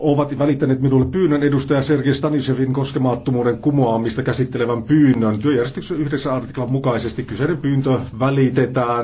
ovat välittäneet minulle pyynnön edustaja Sergei Stanisevin koskemattomuuden kumoamista käsittelevän pyynnön. Työjärjestyksen yhdessä artiklan mukaisesti kyseinen pyyntö välitetään